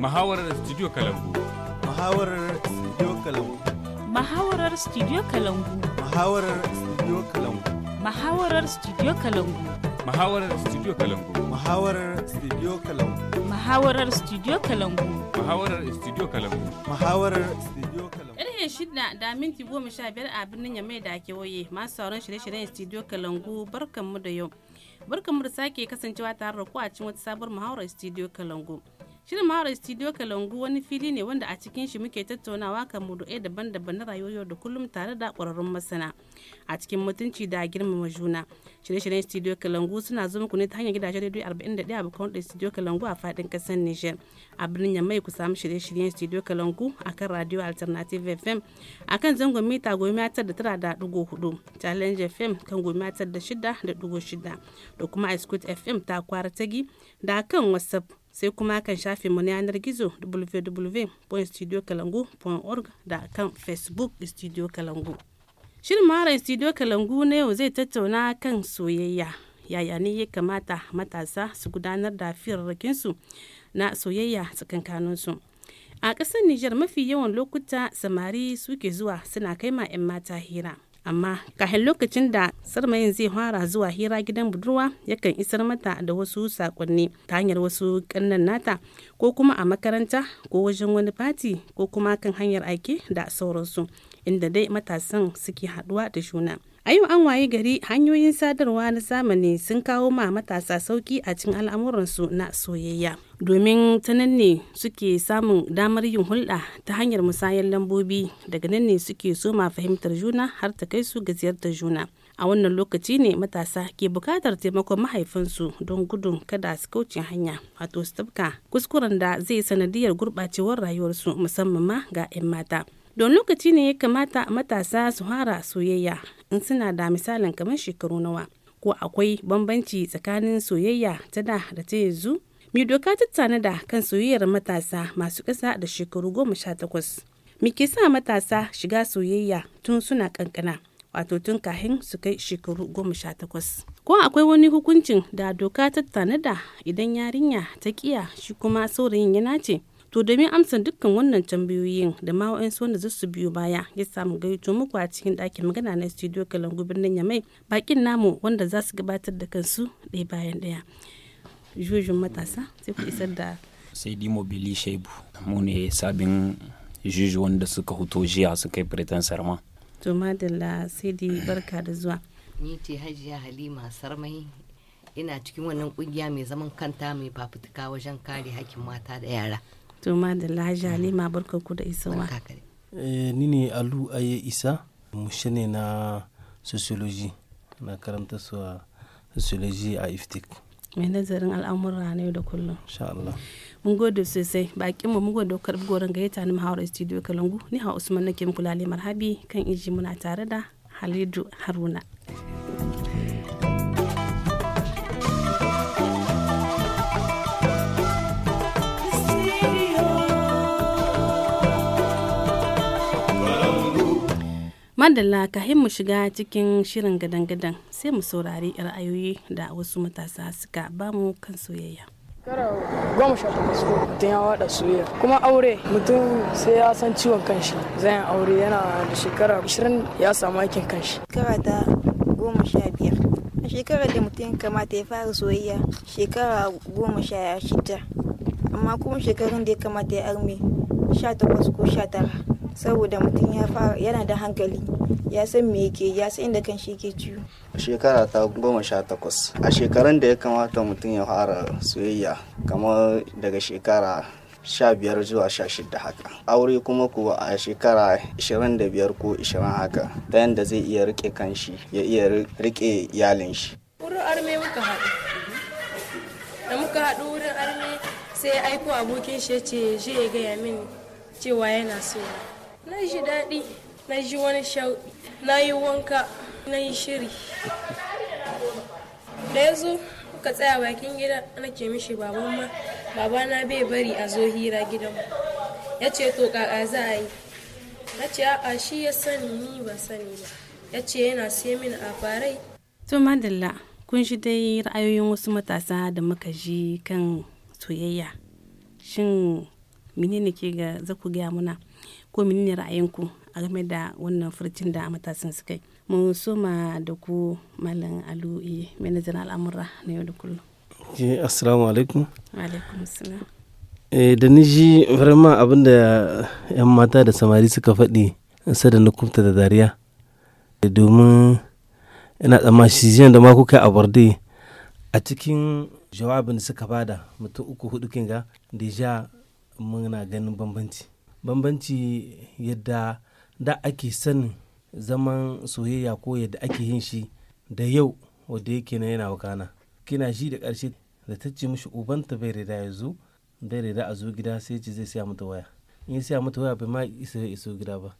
mahawarar Studio Kalambu. mahawarar Studio Kalambu. mahawarar Studio Kalambu. mahawarar Studio Kalambu. mahawarar Studio Kalambu. mahawarar Studio Kalambu. mahawarar Studio Kalambu. mahawarar Studio Kalambu. mahawarar Studio Kalambu. mahawarar Studio Kalambu. Ƙarfe shida da minti goma sha biyar a birnin Yamai da waye masu sauran shirye-shiryen Studio Kalangu barkanmu da yau. Barkanmu da sake kasancewa tare da ku a cikin wata sabuwar Mahawarar Studio Kalangu. Shirin Mahara Studio Kalangu wani fili ne wanda a cikin shi muke tattaunawa kan mudu'ai daban-daban na rayuwar yau da kullum tare da ƙwararrun masana a cikin mutunci da girmama juna. Shirye-shiryen Studio Kalangu suna zo muku ne ta hanyar gidajen radio 41 a bakon da Studio Kalangu a faɗin ƙasar Nijar. A birnin Yamai ku samu shirye-shiryen Studio Kalangu a kan Radio Alternative FM a kan zangon mita goma da tara da ɗigo hudu, Challenge FM kan goma da shida da ɗigo shida da kuma Iskut FM ta kwara tagi da kan WhatsApp sai kuma kan shafe mu na yanar gizo www.studiokalangu.org da kan facebook studio kalangu shirin mara studio kalangu na yau zai tattauna kan soyayya yaya ne ya kamata matasa su gudanar da firarrakinsu na soyayya tsakankaninsu a ƙasar nijar mafi yawan lokuta samari suke zuwa suna kai ma 'yan mata hira amma kahin lokacin da sarmayin zai fara zuwa hira gidan budurwa yakan isar mata da wasu sakonni ta hanyar wasu kannan nata ko kuma a makaranta ko wajen wani fati ko kuma kan hanyar aiki da sauransu inda dai matasan suke haduwa da juna. a yau an waye gari hanyoyin sadarwa na zamani sun kawo ma matasa sauki a cikin al'amuransu na soyayya domin ta nan ne suke samun damar yin hulɗa ta hanyar musayar lambobi daga nan ne suke soma fahimtar juna har ta kai su ga ziyartar juna a wannan lokaci ne matasa ke bukatar taimakon mahaifinsu don gudun kada su kauce hanya wato su kuskuren da zai sanadiyar gurɓacewar rayuwarsu musamman ma ga 'yan mata don lokaci ne ya kamata matasa su hara soyayya in suna da misalin kamar shekaru nawa ko akwai bambanci tsakanin soyayya ta da da ta yanzu mai doka ta tanada kan soyayyar matasa masu ƙasa da shekaru goma sha takwas me ke sa matasa shiga soyayya tun suna kankana wato tun kahin su kai shekaru goma sha takwas ko akwai wani hukuncin da doka ta tanada idan yarinya ta kiya shi kuma saurayin yana ce To domin amsa dukkan wannan tambayoyin da ma wa'ansu wanda zasu biyo baya ya samu gaito muku a cikin ɗakin magana na studio Kalangu birnin Yamai bakin namu wanda za su gabatar da kansu ɗaya bayan ɗaya. Jujun matasa sai ku isar da. Sai di mobili Shaibu mu ne sabin juju wanda suka huto jiya suka yi Britain Sarma. To madalla sai barka da zuwa. Ni ce Hajiya Halima Sarmai ina cikin wannan kungiya mai zaman kanta mai fafutuka wajen kare hakkin mata da yara. to madalla jalima barkanku da isowa eh, ni ne alu aye isa mushe ne na sociology na karanta su a sociology a iftik mai nazarin al'amura na yau da kullum insha Allah mun gode sosai bakin mu mun gode dokar goron gayyata na Mahawar Studio Kalangu ni ha Usman nake muku lale marhabi kan iji muna tare da Halidu Haruna madalla kahin mu shiga cikin shirin gadan-gadan sai mu saurari ra'ayoyi da wasu matasa suka bamu kan soyayya goma sha takwas ko mutum ya wada soyayya kuma aure mutum sai ya san ciwon kanshi zayan aure yana da shekara 20 ya samu aikin kanshi shekara ta goma sha biyar a shekarar da mutum kamata ya fara soyayya shekara goma sha shida amma kuma shekarun da ya kamata ya arme sha takwas ko sha tara saboda mutum ya fara yana da hankali ya san me yake ya san inda kan shi yake ciwo a shekara ta goma sha takwas a shekarun da ya kamata mutum ya fara soyayya kamar daga shekara sha biyar zuwa sha shida haka aure kuma kuwa a shekara ishirin da biyar ko ishirin haka ta yadda zai iya rike kanshi ya iya rike yalin shi wurin arme muka haɗu da muka haɗu wurin arme sai aiko abokin shi ya ce shi ya gaya min cewa yana so na ji daɗi na ji wani shau na yi wanka na yi shiri da ya zo muka tsaya bakin gida ke mishi baban ma baba na bai bari a zo hira gidan ya ce to kaka za a yi na ce a'a shi ya sani ni ba sani ba ya ce yana sai min a farai to madalla kun shi dai ra'ayoyin wasu matasa da muka ji kan soyayya shin menene ke ga za ku gaya muna ko menene ra'ayinku a game da wannan furcin da matasan suka yi mun soma da ku malam alu'i eh, manajan al'amura na yau da kullum eh, assalamu alaikum alaikum salam eh, da ni ji vraiment abin da yan mata da samari suka faɗi sada na kumta da dariya domin ina tsammashi jiyan da ma kuka abarde a cikin jawabin suka bada mutum uku hudu kinga deja muna ganin bambanci bambanci yadda da ake sanin zaman soyayya ko yadda ake yin shi da yau wadda yake na yana wakana kina shi da ƙarshe da ta ce mishi ubanta bai rida ya zo bai rida a zo gida sai ce zai siya mata waya in ya siya mata waya bai ma isa ya iso gida ba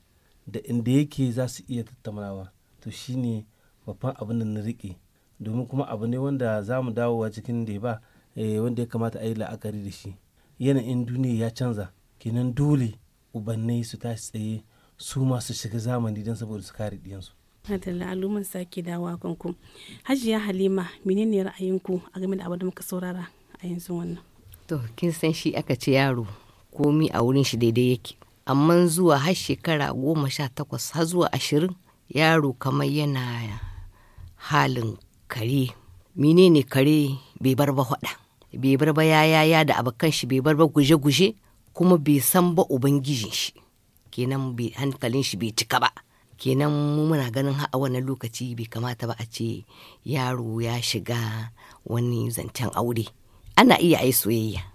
da inda yake za su iya tattaunawa to shine babban abin da na riƙe domin kuma abu ne wanda za mu dawowa cikin da ba eh, wanda ya kamata a yi la'akari da shi yanayin duniya ya canza kenan dole ubannai su tashi tsaye su masu shiga zamani don saboda su kare diyansu Hadalla aluman sake dawa kanku. Hajiya Halima menene ra'ayinku a game da abin da muka saurara a yanzu wannan? To kin san shi aka ce yaro komi a wurin shi daidai yake. Amma zuwa har shekara goma sha takwas har zuwa ashirin yaro kamar yana halin kare. Menene kare bai bar ba bai bar ba yaya da abokan shi bai bar ba guje-guje kuma bai san ba ubangijin shi kenan hankalin shi bai cika ba kenan muna ganin a wani lokaci bai kamata ba a ce yaro ya shiga wani zancen aure ana iya ai soyayya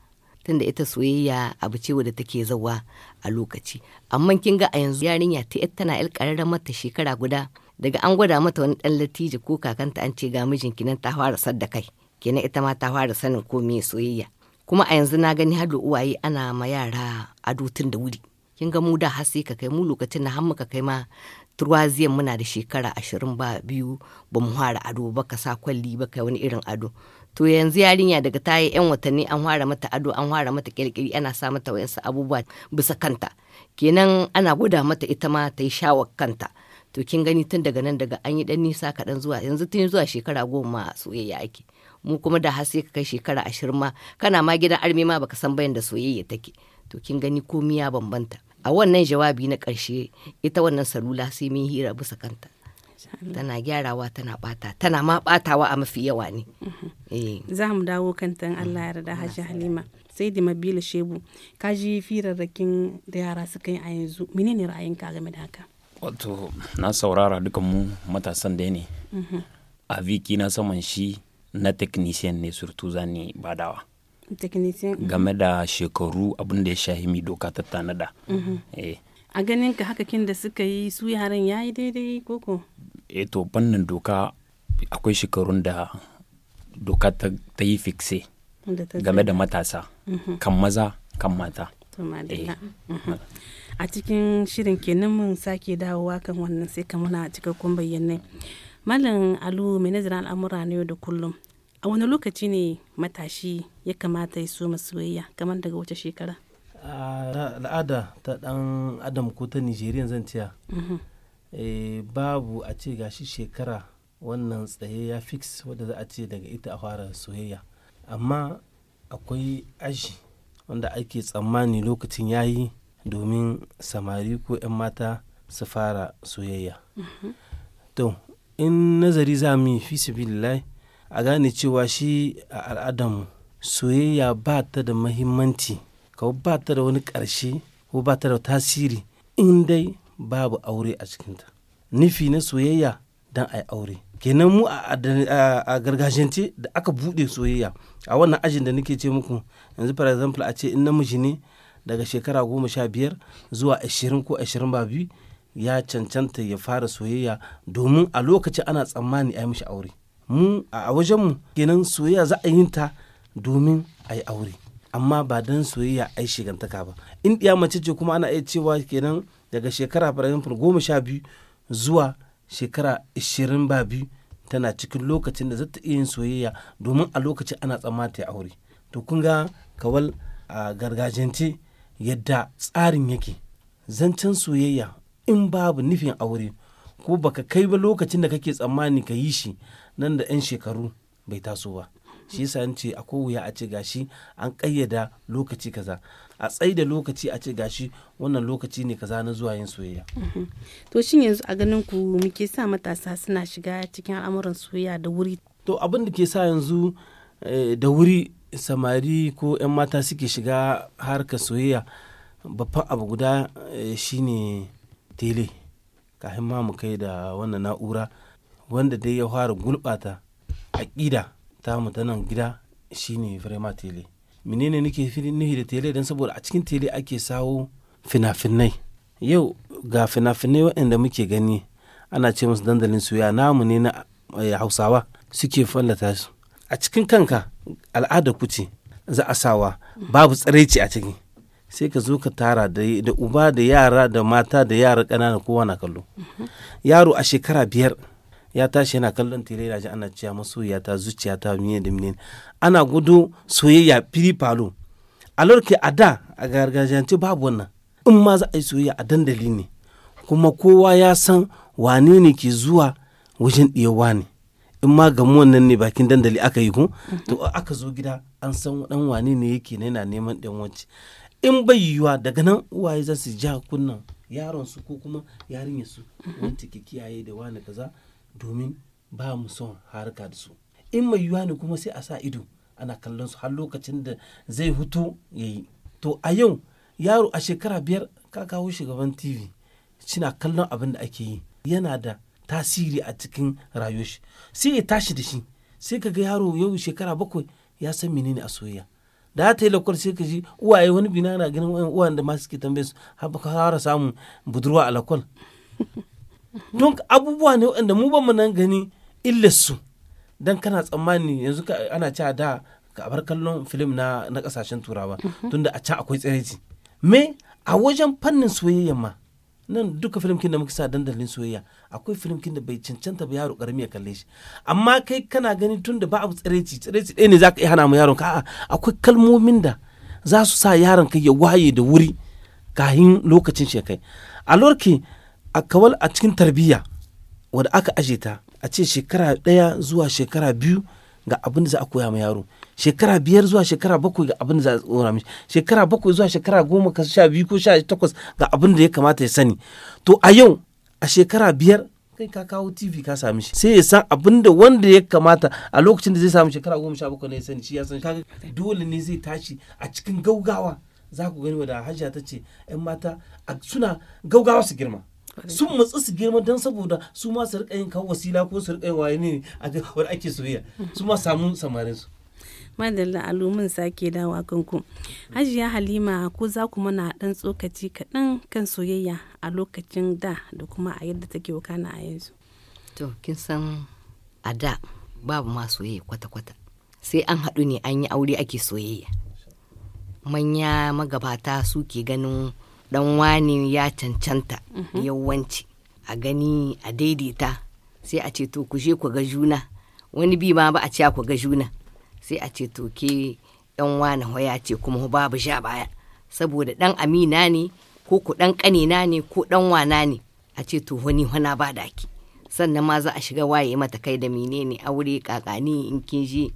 tunda ita soyayya abu ce wadda take zawa a lokaci amma kin ga a yanzu yarinya ta yar tana yar kararren mata shekara guda daga an gwada mata wani dan latije ko kakanta an ce ga mijinki nan ta fara sadda kai kenan ita ma ta fara sanin ko me soyayya kuma a yanzu na gani har da uwaye ana ma yara ado tun da wuri kin ga mu da har sai ka kai mu lokacin na har muka kai ma turwaziyan muna da shekara ashirin ba biyu ba mu fara ado ba ka sa kwalli ba kai wani irin ado to yanzu yarinya daga ta yi yan watanni an fara mata ado an fara mata kirkiri ana sa mata wayansu abubuwa bisa kanta kenan ana gwada mata ita ma ta yi shawar kanta to kin gani tun daga nan daga an yi dan nisa kaɗan zuwa yanzu tun zuwa shekara goma soyayya ake mu kuma da har sai ka kai shekara ashirin ma kana ma gidan armi ma baka san bayan da soyayya take to kin gani komi ya bambanta a wannan jawabi na ƙarshe ita wannan salula sai mun hira bisa kanta tana gyarawa tana bata tana ma batawa a mafi yawa ne mhm. eh. za mu dawo kantan allah yarda hajji halima sai da mabila shebu ka ji firarrakin da yara suka yi a yanzu menene ra'ayinka game da haka wato na saurara dukan mu matasan da ne mhm. a viki na saman shi na technicien ne surtu zani badawa technicien mhm. game da shekaru abin da ya shahi mi doka ta tanada mhm. eh. a ganin ka haka kin da suka yi su yaran yayi daidai koko eh to bannin doka akwai shekarun da doka ta yi fixe game da matasa mhm. kan maza kan mata eh. a cikin shirin kenan mun sake dawowa kan wannan sai ka muna cikakkun bayyanai Malam Alu mai al'amura na yau da kullum. A wani lokaci ne matashi ya kamata ya so soyayya kamar daga wace shekara? Al'ada ta ɗan Adam ko ta Nijeriya zan ciya. Mhm. Eh, babu a ce gashi shekara wannan tsaye ya fix wadda za a ce daga ita a fara soyayya. Amma akwai aji wanda ake tsammani lokacin yayi domin samari ko 'yan mata su fara soyayya. Mhm. To in nazari za mu fi sabilillahi a gane cewa shi a al'adarmu soyayya ba ta da mahimmanci ka ba ta da wani ƙarshe ko ba ta da tasiri in dai babu aure a cikinta nufi na soyayya don a yi aure kenan mu a gargajiyance da aka buɗe soyayya a wannan ajin da nake ce muku yanzu for example a ce in namiji ne daga shekara goma sha biyar zuwa ashirin ko ashirin ba biyu ya cancanta ya fara soyayya domin a lokaci ana tsammani a yi mishi aure mu a wajenmu kenan soyayya za a yin ta domin a yi aure amma ba don soyayya a yi shigantaka ba in ɗiya mace ce kuma ana iya cewa kenan daga shekara for goma sha biyu zuwa shekara ishirin ba biyu tana cikin lokacin da zata iya yin soyayya domin a lokaci ana ta yi aure to kun ga kawal a gargajiyance yadda tsarin yake zancen soyayya in babu nufin aure ko baka kai ba lokacin da kake tsammani ka yi shi nan da 'yan shekaru bai taso ba shi yasa an ce a wuya a ce gashi an ƙayyada lokaci kaza a tsai da lokaci a ce gashi wannan lokaci ne kaza na zuwa yin soyayya mhm. to shin yanzu a ganin ku muke sa matasa suna shiga cikin al'amuran soyayya da wuri to abin da ke sa yanzu eh, da wuri samari ko 'yan mata suke shiga harkar soyayya babban abu guda eh, shine tele kafin ma mu kai da wannan na'ura wanda dai ya fara gulɓata aƙida ta mu nan gida shine firema tele menene nake nufi da tele don saboda a cikin tele ake sawo fina-finai yau ga fina-finai waɗanda muke gani ana ce musu dandalin soya namu ne na eh, hausawa suke fallata su a cikin kanka al'adar kuce za a sawa babu tsiraici a ciki sai ka zo ka tara da uba da yara da mata da yara ƙanana kowa na kallo yaro a shekara biyar ya tashi yana kallon tele da ana cewa masoyiya ta zuciya ta miye da miye ana gudu soyayya fili falo a a da a gargajiyance babu wannan in ma za a yi soyayya a dandali ne kuma kowa ya san wane ne ke zuwa wajen ɗiyawa ne in ma gamu nan ne bakin dandali aka yi ko to aka zo gida an san dan wane ne yake yana neman ɗan wacce in bai yiwuwa daga nan uwaye za su ja kunnan yaron su ko kuma yarinyar su wanda ke kiyaye da wani kaza domin ba mu son harka da su in mai yiwuwa ne kuma sai a sa ido ana kallon su har lokacin da zai hutu ya yi to a yau yaro a shekara biyar ka kawo shugaban tv suna kallon abin da ake yi yana da tasiri a cikin rayuwar shi sai ya tashi da shi sai ka ga yaro yau shekara bakwai ya san menene a soyayya da ta yi lakwar sai ka ji uwaye wani bina na ganin wayan uwan da masu ke tambaye su ka fara samun budurwa a lakwal don abubuwa ne waɗanda mu ban nan gani su dan kana tsammani yanzu ana ci a da ka bar kallon filim na na kasashen turawa mhm. tunda a can akwai tsiraici me a wajen fannin soyayya ma nan duka filmkin da muka sa dandalin soyayya akwai filmkin da bai cancanta ba yaro karami ya kalle shi amma kai kana gani tun da ba abu tsireci tsireci ɗaya ne za ka iya hana mu yaron ka akwai kalmomin da za su sa yaron kai ya waye da wuri kahin lokacin shi kai a lorki a kawal a cikin tarbiyya wadda aka aje ta a ce shekara ɗaya zuwa shekara biyu ga abin da za a koya ma yaro shekara biyar zuwa shekara bakwai ga abin da za a tsora mishi shekara bakwai zuwa shekara goma ka sha biyu ko sha takwas ga abin da ya kamata ya sani to a yau a shekara biyar kai ka kawo tv ka sami shi sai ya san abin da wanda ya kamata a lokacin da zai samu shekara goma sha bakwai ne ya sani shi ya san kaga dole ne zai tashi a cikin gaugawa za ku gani wadda hajiya ta ce yan mata suna gaugawa su girma sun matsu su girma don saboda su ma su rika yin kawo wasila ko su rika yin waye ne a ake soyayya su ma samu samarin su madalla alumin sake dawa kanku hajiya halima ko za ku mana dan tsokaci kaɗan kan soyayya a lokacin da da kuma a yadda take wakana a yanzu to kin san a da babu ma soyayya kwata-kwata sai an haɗu ne an yi aure ake soyayya manya magabata suke ganin dan wani ya cancanta mhm. yawanci a gani a daidaita sai a ce to ku je ku ga juna wani bi ma ba a ce ku ga juna sai a ce to ke yan wani hoya ce kuma babu sha baya saboda dan amina ne ko ku dan kanina ne ko dan wana ne a ce to wani wana ba daki sannan ma za a shiga waye mata kai da menene aure kakani in kin je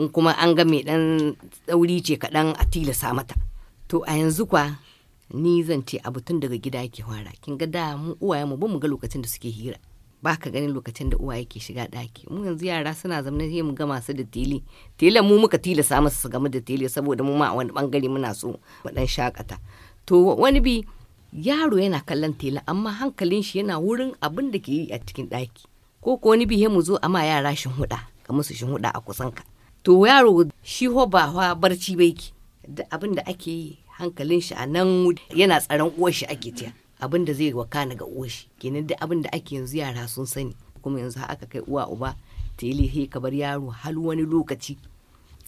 in kuma an ga mai dan tsauri ce kaɗan a tilasa mata to a yanzu kwa ni zan ce abu tun daga gida yake fara kin ga da mu uwaye mu ba mu ga lokacin da suke hira ba ka ganin lokacin da uwa yake shiga ɗaki mu yanzu yara suna zamanin sai mu gama su da tele tele mu muka tila samu su gama da tele saboda mu ma a wani bangare muna so mu dan shakata to wani bi yaro yana kallon tele amma hankalin shi yana wurin abin da ke yi a cikin ɗaki ko ko wani bi mu zo ama yara shin huda ka musu shin huda a kusan ka to yaro shi ho ba barci bai ki da abin da ake yi hankalin shi a nan yana tsaron uwar shi ake tiya abin da zai wakana ga shi kenan da abin da ake yanzu yara sun sani kuma yanzu aka kai uwa uba tele ka kabar yaro har wani lokaci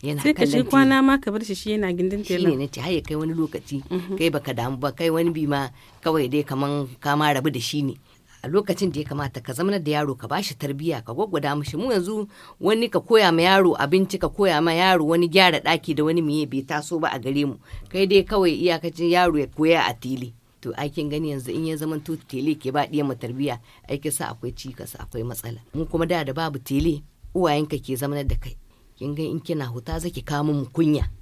yana kallon ka shi kwana ma ka bar shi shi yana gindin tela shi ne har ya kai wani lokaci mhm. kai baka damu ba kai wani bi ma kawai dai kaman kama rabu da shi ne a lokacin da ya kamata ka zama da yaro ka bashi tarbiyya ka gwaggwada mishi mu yanzu wani ka koya ma yaro abinci ka koya ma yaro wani gyara daki da wani miye bai taso ba a gare mu kai dai kawai iyakacin yaro ya koya a tili to aikin gani yanzu in ya zama to tele ke ba ɗiyan mu tarbiya aikin sa akwai cikas akwai matsala mu kuma da da babu tele uwayenka ke zama da kai kin ga in kina huta zaki kawo mu kunya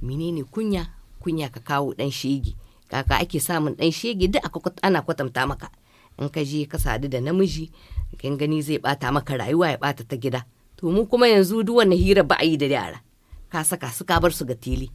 menene kunya kunya ka kawo dan shege kaka ake samun dan shege duk ana kwatanta maka in ka je ka sadu da namiji kin gani zai bata maka rayuwa ya bata ta gida to mu kuma yanzu duk wannan hira ba a yi da yara ka saka su ka bar su ga tele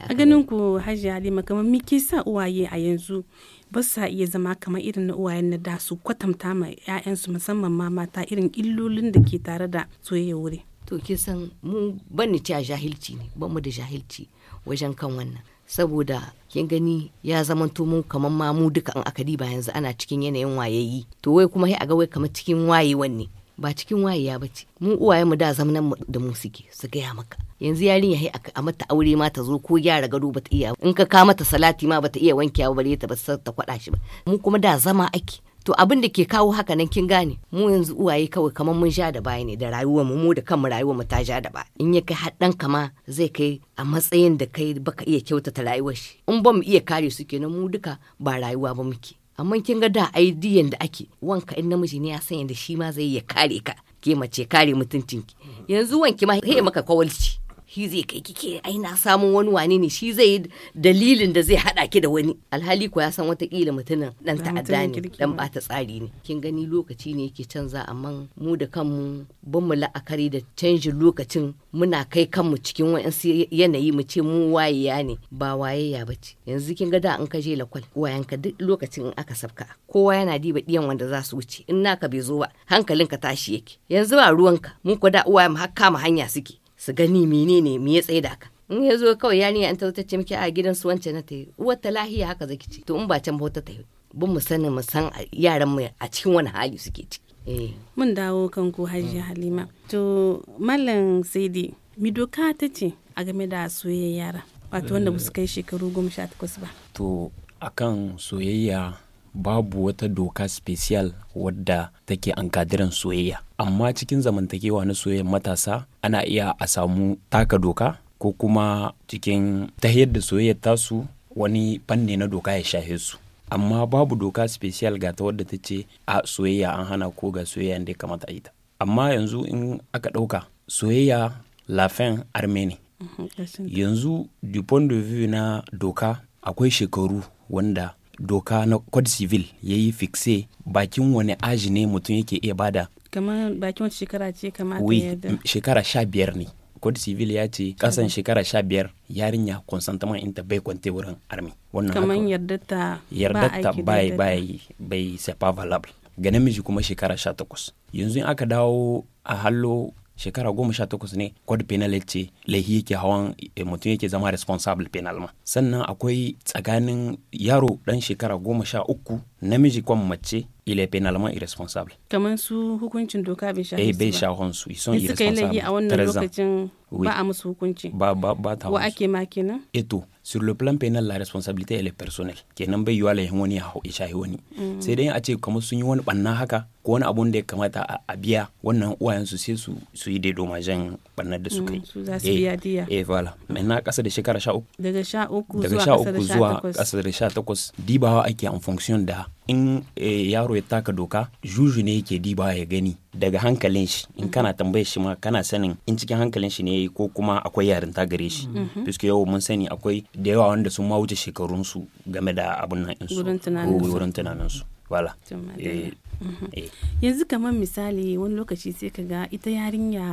a ganin ku hajji halima kamar me ke sa uwaye a yanzu ba sa iya zama kamar irin na uwayen na da su kwatanta ma 'ya'yansu musamman ma mata irin illolin da ke tare da soyayya wuri to ke san mu bani cewa jahilci ne ba mu da jahilci wajen kan wannan saboda kin gani ya zama mu kamar ma mu duka an akadi ba yanzu ana cikin yanayin wayayi to wai kuma sai a ga wai kamar cikin waye wanne ba cikin waye ya bace mu uwaye mu da zamanan da mu suke su gaya maka yanzu yarinya hai a mata aure ma ta zo ko gyara gado bata iya in ka ka mata salati ma bata iya wanke ba bare ta ba ta kwada shi ba mu kuma da zama ake to abin da ke kawo haka nan kin gane mu yanzu uwaye kawai kamar mun sha da baya ne da rayuwar mu mu da kanmu rayuwar mu ta sha da baya in ya kai haddan kama zai kai a matsayin da kai baka iya kyautata rayuwar shi in ba mu iya kare su kenan mu duka ba rayuwa ba muke amma kin ga da aidiyan da ake wanka in namiji ne ya san yanda shi ma zai iya kare ka ke mace kare mutuncinki yanzu wanki ma he maka kwawalci shi zai kai kike ai na samun wani wane ne shi zai dalilin da zai hada ki da wani alhali ko ya san kila mutumin dan ta'adda ne dan bata tsari ne kin gani lokaci ne yake canza amma mu da kanmu ban mu la'akari da canjin lokacin muna kai kanmu cikin wani yanayi mu ce mu wayeya ne ba waye ya bace. yanzu kin ga da an ka je lakwal ka duk lokacin in aka sabka kowa yana diba diyan wanda za su wuce in naka bai zo ba hankalinka tashi yake yanzu ba ruwanka mun ko da uwaye mu hakka mu hanya suke su gani ne mu ya da ka in ya zo kawai ya yarinya an ce miki a gidan su wancan na tayi uwar ta lahiya haka zaki ce to in ba can bauta ta tayi bin mu sanin mu san yaran mu a cikin wani hali suke ciki eh. mun dawo kan ku hajji halima to mallam saidi mi doka ta ce a game da soyayya yara wato wanda ba su kai shekaru goma sha takwas ba to akan soyayya babu wata doka special wadda take kadiran soyayya amma cikin zamantakewa na soyayya matasa ana iya a samu taka doka ko kuma cikin ta yadda soyayyar tasu wani fanni na doka ya shafe su amma babu doka special ga ta wadda ta ce a soyayya an hana ko ga soyayya da kamata a yi ta amma yanzu in aka ɗauka soyayya lafen armeni mhm, yanzu point de vue na doka akwai shekaru wanda doka na code civil ya yi fixe bakin wani aji ne mutum yake iya bada kamar bakin wata shekara ce kamata oui, shekara sha biyar ne code civil ya ce kasan shekara sha biyar yarinya consentement inta bai kwante wurin army wannan kamar yardatta yardatta bai bai bai c'est pas valable ga namiji kuma shekara sha takwas yanzu in aka dawo a hallo shekara goma sha takwas ne code penalty ce laihi yake hawan eh, mutum yake zama responsible penal sannan akwai tsakanin yaro dan shekara goma sha uku namiji kwan mace il est pénalement irresponsable. Kamar su hukuncin doka bai shafi eh, su. Eh bai shafan su. Ils sont Suka yi a wannan lokacin Oui. Ba, ba, ba ta wa ake ma kenan? Eto, sur le plan pénal la responsabilité elle est personnelle. nan bai yiwa lahin wani ya yi wani. Mm. Sai dai a ce kamar sun yi wani banna haka ko wani abun da ya kamata a biya wannan su sai su su yi daido majan bannar da su kai. Mm, su za su eh, biya diya. Eh voilà. Mai na kasa da shekara 13. Daga 13 zuwa kasa da 18 dibawa ake en fonction da in eh, yaro ya taka doka juju ne yake dibawa ya gani. daga hankalin shi in mhm. kana tambayar shi ma kana sanin in cikin hankalin shi ne ko kuma akwai yarinta gare shi fiske mhm. mhm. yau mun sani akwai da yawa wanda sun ma wuce shekarun su game da abun nan insu wurin tunanin su wala yanzu kamar misali wani lokaci sai ka ga ita yarinya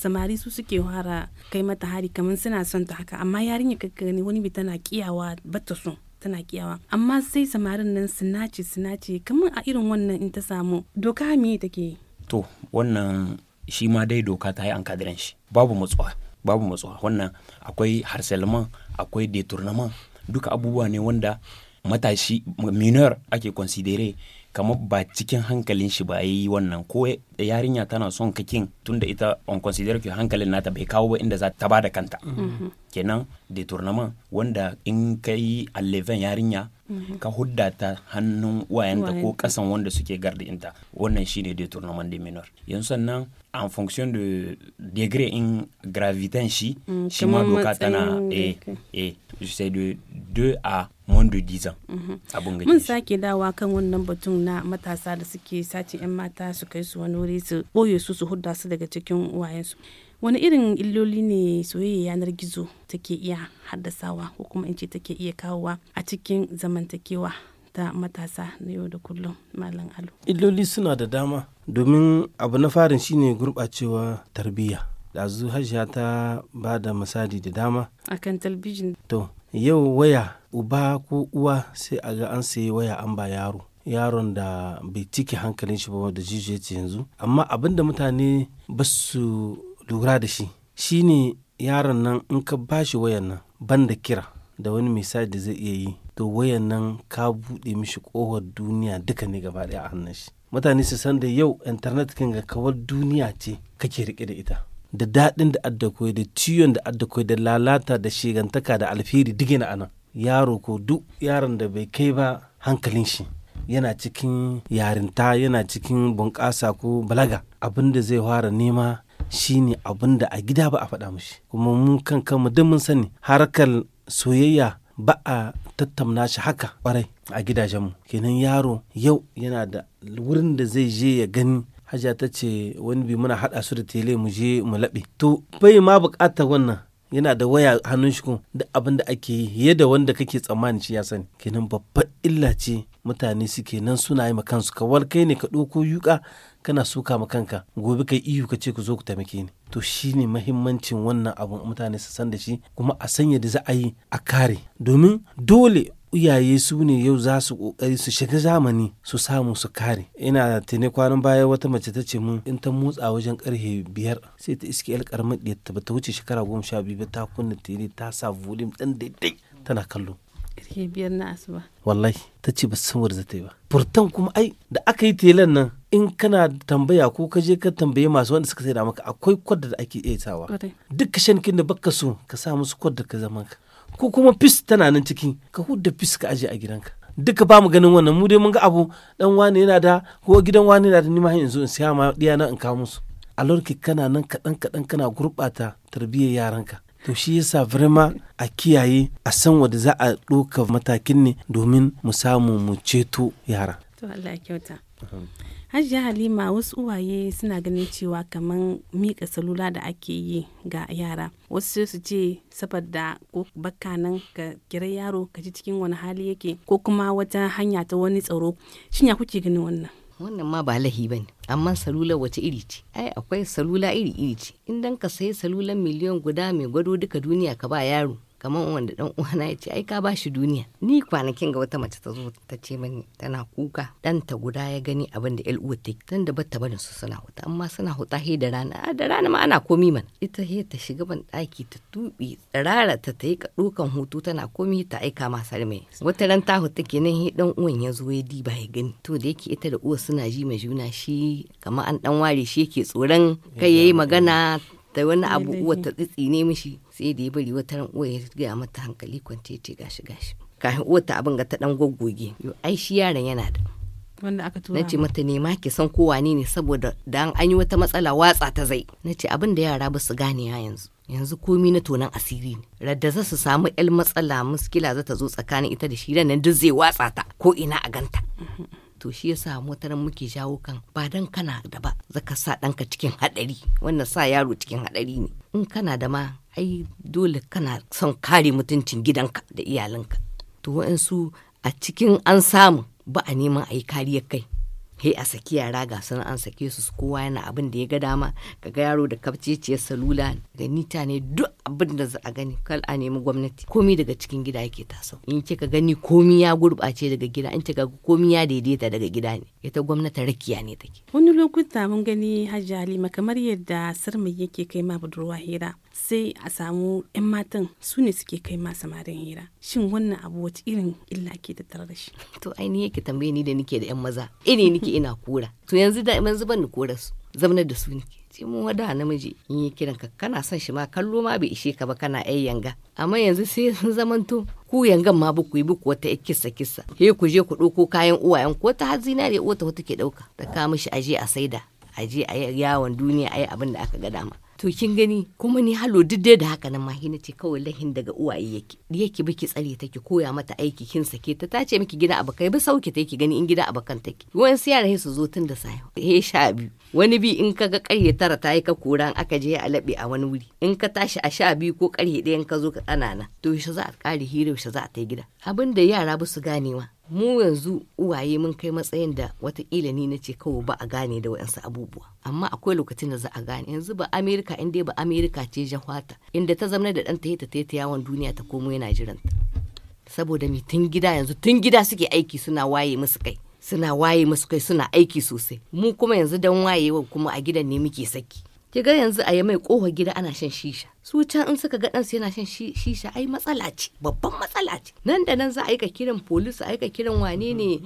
samari su suke fara kai mata hari kamar suna son ta haka amma yarinya ka gani wani bi tana kiyawa bata son tana kiyawa amma sai samarin nan sinaci sinaci kamar a irin wannan in ta samu doka me take to wannan shi ma dai doka ta yi an kadiran shi babu matsuwa babu matsuwa wannan akwai harsalman akwai deturnaman duka abubuwa ne wanda matashi minor ake considere kamar ba cikin hankalin shi ba yi wannan ko yarinya tana son kakin tunda ita on consider hankalin nata bai kawo ba inda za ta ba da kanta mm-hmm. kenan detournement wanda in ka yi alleven yarinya mhm. ka hudda ta hannun wayanta ko kasan wanda suke gardinta wannan ne detournement de minor yanzu sannan en fonction de degré in gravitan shi mm, shi ma doka tana eh eh je de 2 a moins de 10 ans mhm. abun gaji mun sake dawa kan wannan batun na matasa da suke sace yan mata su kai su wani wuri su boye su su hudda su daga cikin wayansu wani irin illoli ne soyayya yanar gizo take iya haddasawa ko kuma in ce take iya kawowa a cikin zamantakewa ta matasa na yau da kullum malam alu illoli suna da dama domin abu na farin shine gurɓacewa tarbiyya da hajiya ta ba da misali da dama akan talbijin to yau waya uba ko uwa sai a ga an sayi waya an ba yaro yaron da bai cike hankalin shi ba da jijiyar yanzu amma abin da mutane ba su lura da shi shi ne yaron nan in ka bashi wayan nan da kira da wani misali da zai iya yi to wayan nan ka buɗe mishi ƙofar duniya duka ne gaba ɗaya a hannun shi mutane su san da yau internet kan ga kawar duniya ce kake rike da ita da daɗin da adda koyi da ciwon da adda koyi da lalata da shigantaka da alfiri duk yana anan yaro ko duk yaron da bai kai ba hankalin shi yana cikin yarinta yana cikin bunƙasa ko balaga abin da zai fara nema shine abin da a gida ba a faɗa mishi kuma mun kan kanmu duk mun sani harkar soyayya ba a tattauna shi haka kwarai a gidajenmu kenan yaro yau yana da wurin da zai je ya gani hajja ta ce wani bi muna haɗa su da tele mu je mu laɓe to bai ma buƙatar wannan yana da waya hannun shi da abin da ake yi yadda wanda kake tsammani shi ya sani kenan babbar illa ce mutane suke nan suna yi kansu ka wal kai ne ka ɗauko yuka kana suka ma kanka gobe kai iyu ka ce ku zo ku taimake ni to shine mahimmancin wannan abun mutane su san da shi kuma a sanya da za a yi a kare domin dole iyaye su ne yau za su kokari su shiga zamani su samu su kare ina tene kwanan baya wata mace ta ce mun in ta motsa wajen karfe biyar sai ta iske yar karamar ta bata wuce shekara goma sha biyu ta kunna tere ta sa volume dan daidai tana kallo karfe biyar na asuba wallai ta ce ba saboda za ta yi ba furtan kuma ai da aka yi telan nan in kana tambaya ko ka je ka tambaye masu wanda suka saida maka akwai kwadda da ake iya sawa duk shankin da baka so ka sa musu kwadda ka zama ka ko kuma fis tana nan ciki ka hudda fis ka aje a gidanka duka ba mu ganin wannan mu dai mun ga abu dan wani yana da ko gidan wani yana da nima yanzu in siya ma diya na in kawo musu a kana nan kaɗan kaɗan kana gurɓata tarbiyyar yaranka to shi yasa vrema a kiyaye a san wanda za a ɗauka matakin ne domin mu samu mu ceto yara to Allah kyauta hajiya halima wasu uwaye suna ganin cewa kamar miƙa salula da ake yi ga yara wasu su ce saboda ko bakka nan ka kira yaro ka ji cikin wani hali yake ko kuma wata hanya ta wani tsaro shin ya kuke ganin wannan wannan ma ba lahi ba ne amma salula wace iri ce ai akwai salula iri iri ce in ka sayi salulan miliyan guda mai gwado duka duniya ka ba yaro kamar wanda dan uwana ya ce ai ka bashi duniya ni kwanakin ga wata mace ta zo ta ce mani tana kuka dan guda ya gani abin da uwa ta tun da bata barin su suna huta amma suna huta he da rana a da rana ma ana komi man ita he ta shiga ban daki ta tubi rara ta ta yi dukan hutu tana komi ta aika ma sarme wata ran ta huta kenan he dan uwan ya zo ya diba ya gani to da yake ita da uwa suna ji ma juna shi kamar an dan ware shi yake tsoron kai yayi magana da wani abu uwar ta tsitsi ne mishi sai da ya bari wata ran uwar ya gaya mata hankali kwance ce gashi gashi kafin uwar ta abin ga ta dan goggoge yo ai shi yaron yana da wanda aka tura nace mata ne ma ki san ko wane ne saboda dan an yi wata matsala watsa ta zai nace abin da yara ba su gane ya yanzu yanzu komi na tonan asiri ne radda za su samu yan matsala muskila za ta zo tsakanin ita da shi nan duk zai watsa ta ko ina a ganta mhm. to shi ya sa motar muke jawo kan ba dan kana da ba zaka sa ɗanka cikin haɗari wannan sa yaro cikin haɗari ne in kana da ma ai dole kana son kare mutuncin gidanka da iyalinka to wa'ansu a cikin an samu ba a neman a yi kariyar kai he a saki yara ga sun an sake su kowa yana abin da ya ga dama kaga yaro da ce salula da nita ne duk abin da za a gani kal a nemi gwamnati komi daga cikin gida yake taso in kika gani komi ya gurɓace daga gida in kika komi ya daidaita daga gida ne ita gwamnati rakiya ne take wani lokuta mun gani hajji halima kamar yadda sarmi yake kai ma budurwa hira sai a samu 'yan matan su ne suke kai ma samarin hira shin wannan abu wata irin illa ke tattare da shi to ai ni yake tambaye ni da nike da 'yan maza iri nike ina kora to yanzu da yanzu ban ni kora su zamanar da su nike sai mun wada namiji in yi kiran ka kana son shi ma kallo ma bai ishe ka ba kana ai yanga amma yanzu sai sun zamanto ku yangan ma ba ku yi buku wata kissa kissa he ku je ku ɗauko kayan uwayen ko ta har zinare uwa ta wata ke ɗauka ta kawo mishi aje a saida aje a yawon duniya a yi abin da aka ga dama to kin gani kuma ni halo duk dai da haka nan ma hina ce kawai lahin daga uwaye yake yake biki tsare take koya mata aiki kin sake ta tace miki gida a abakai ba sauke ta ki gani in gida bakan take wani su yara su zo tun da sai he sha biyu wani bi in ka ga karye tara ta yi ka koran aka je a labe a wani wuri in ka tashi a sha biyu ko karye ɗayan ka zo ka tsanana to shi za a kare hira shi za a ta gida abin da yara ba su ganewa mu yanzu uwaye mun kai matsayin da watakila ni na ce kawai ba a gane da wayansu abubuwa amma akwai lokacin da za a gane yanzu ba amerika in dai ba amerika ce jahwata inda ta zama da ɗanta ta ta yawon duniya ta komo yana jiranta saboda mi tun gida yanzu tun gida suke aiki suna waye musu kai suna waye musu kai suna aiki sosai mu kuma yanzu dan wayewa kuma a gidan ne muke saki kiga yanzu a yi mai kofa gida ana shan shisha su can in suka ga ɗansu yana shan shisha ai matsala ce babban matsala ce nan da nan za a yi ka kiran polis a yi ka kiran wane ne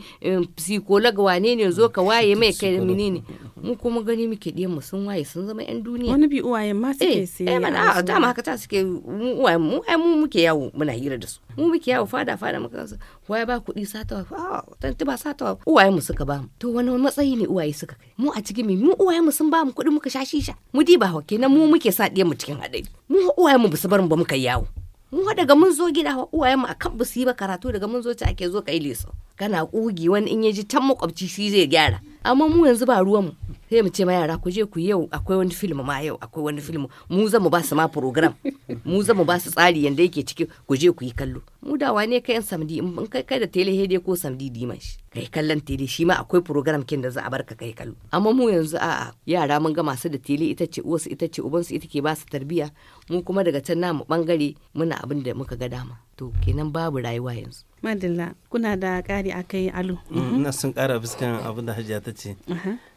psikolog wane ne zo ka waye mai kai mini ne mu kuma gani muke ɗiyan mu sun waye sun zama yan duniya wani bi uwayen ma suke eh, sai eh mana a dama haka ta suke mu mu ai mu muke yawo muna hira da su mu muke yawo fada fada muka kansu waye ba kuɗi satawa a ah, tanti ba satawa uwayen mu suka ba mu to wani matsayi ne uwaye suka kai mu a cikin mu uwaye mu sun ba mu kuɗi muka sha shisha mu di ba kenan mu muke sa ɗiyan mu cikin haɗari mu uwayenmu ba su barin ba muka yawo mu daga mun zo gida mu akan ba su yi ba karatu daga mun zo ta ake zo kai leso kana kugi wani in yaji ji tan makwabci shi zai gyara amma mu yanzu ba ruwan mu. sai mu ce ma yara ku je ku yau akwai wani film ma yau akwai wani film mu za mu ba su ma program mu za mu ba su tsari yanda yake ciki ku je ku yi kallo mu da wane kai yan samdi in kai kai da tele hede ko samdi diman shi kai kallon tele shi ma akwai program kin da za a barka kai kallo amma mu yanzu a yara mun ga masu da tele ita ce uwarsu ita ce ubansu ita ke ba su tarbiya mu kuma daga can namu bangare muna abin da muka ga dama to kenan babu rayuwa yanzu madalla kuna da kari kai alu mm, ina sun kara fuskan abin da hajiya ta ce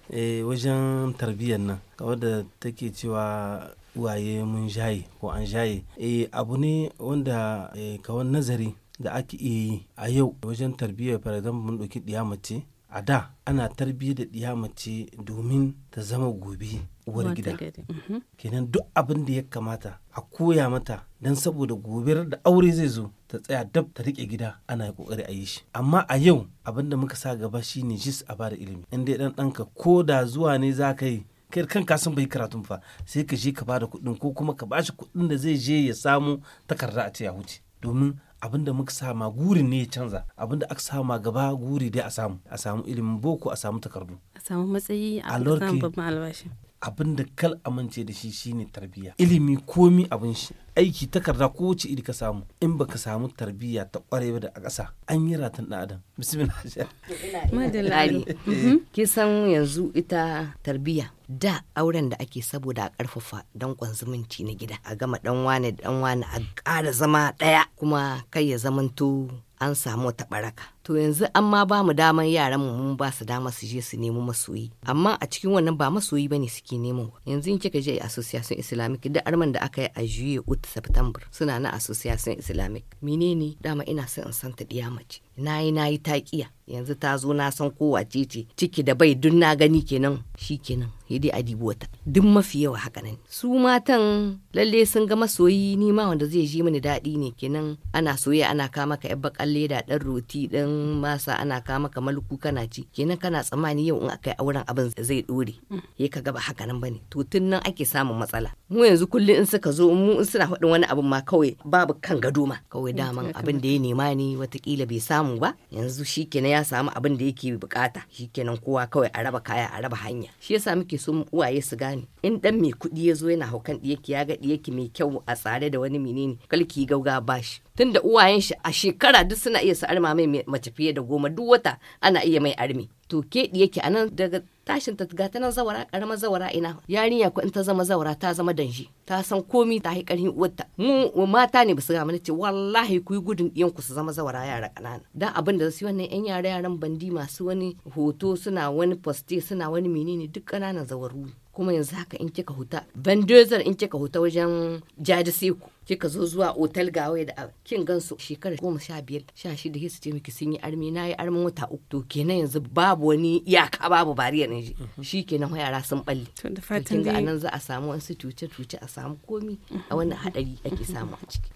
eh wajen tarbiyyar nan wadda take cewa uwaye mun jaye ko an jaye eh abu ne wanda eh, kawan nazari da ake iya yi a yau wajen tarbiyyar for mun ɗauki ɗiya a da ana tarbiyyar da ɗiya domin ta zama gobe uwar gida mhm. kenan duk abin da ya kamata a koya mata don saboda gobe da aure zai zo ta tsaya dab ta rike gida ana kokari a yi shi amma a yau abin da muka sa gaba shi ne jis a bada ilimi in dai dan ɗanka ko da zuwa ne za ka yi kai kan ka san bai karatun fa sai ka je ka bada kuɗin ko kuma ka bashi kuɗin da zai je ya samu takarda a ce ya wuce domin abin da muka sama guri ne ya canza abin da aka sama gaba guri dai a samu a samu ilimin boko a samu takardu a samu matsayi a samu babban albashi abin da kal amince da shi shine tarbiyya ilimi komi abin shi aiki takarda ko wace iri ka samu in baka samu tarbiyya ta kware ba da a ƙasa an yi ratan ɗan adam bismillah eh. mhm. ke san yanzu ita tarbiyya da auren da ake saboda a ƙarfafa danƙon zumunci na gida a gama dan wane dan wane a ƙara zama ɗaya kuma kai ya zamanto an samu wata baraka to yanzu an ma ba mu daman yaran mu mun ba su dama su je su nemi masoyi amma a cikin wannan ba masoyi bane suke nemo yanzu in kika je association islamic da arman da aka yi a juye 8 september suna na association islamic menene dama ina son in santa diya mace nayi nayi taƙiya yanzu ta zo na san kowa ce ciki da bai dun na gani kenan shi kenan dai a dibo duk mafi yawa haka nan su matan lalle sun ga masoyi nima wanda zai ji mini daɗi ne kenan ana soya ana kama ka yabba kalle da ɗan roti din. ma masa ana kama maka maluku kana ci kenan kana tsammani yau in akai auren abin zai dore ya mm. ka gaba haka nan bane to tun nan ake samun matsala mu yanzu kullum in suka zo mu in suna faɗin wani abin ma kawai babu kan gado ma kawai mm, daman abin da ya nema ne watakila bai samu ba yanzu shikenan ya samu abin da yake bukata shikenan kowa kawai a raba kaya a raba hanya shi yasa muke so uwaye su gane in dan mai kuɗi ya zo yana haukan diyaki ya ga diyaki mai kyau a tsare da wani menene kalki gauga bashi tunda uwayen shi a shekara duk suna iya sa'ar mai mace mace fiye da goma duk wata ana iya mai armi to ke yake anan daga tashin ta ga ta nan zawara karamar zawara ina yarinya ko in ta zama zawara ta zama danji ta san komi ta yi karhin uwarta mu mata ne basu ga mana ce wallahi ku yi gudun ɗiyan ku su zama zawara yara kanana dan abin da su wannan yan yara yaran bandi masu wani hoto suna wani poste suna wani menene duk kananan zawaru kuma yanzu haka in kika huta bandozar in kika huta wajen jadi seku kika zo zuwa otal gawai da kin gansu shekarar goma sha biyar sha shida hesu ce miki sun yi armi na yi armin wata uku to kenan yanzu babu wani iyaka babu bariya na ji mhm. shi kenan yara sun balle to kin ga anan za a samu wasu tuce tuce a samu komi a wani hadari ake samu a ciki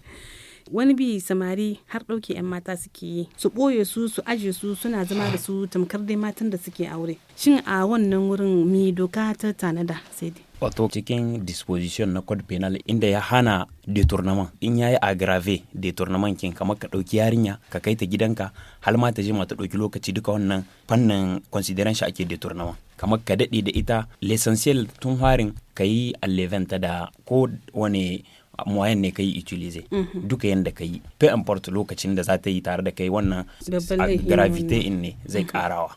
wani bi samari har ɗauke 'yan mata suke yi su ɓoye su su aje su suna zama da su tamkar dai matan da suke aure shin a wannan wurin mi doka ta tanada sai dai wato cikin disposition na code penal inda ya hana detournement in yayi aggrave detournement kin kamar ka dauki yarinya ka kai ta gidanka har ma ta je ma ta dauki lokaci duka wannan fannin consideration shi ake detournement kamar ka dade da ita l'essentiel tun harin ka yi alleventa da ko wani moyen ne ka yi utilize mhm. duka yadda ka yi pe importe lokacin da za ta yi tare da kai wannan gravité in ne zai mhm. karawa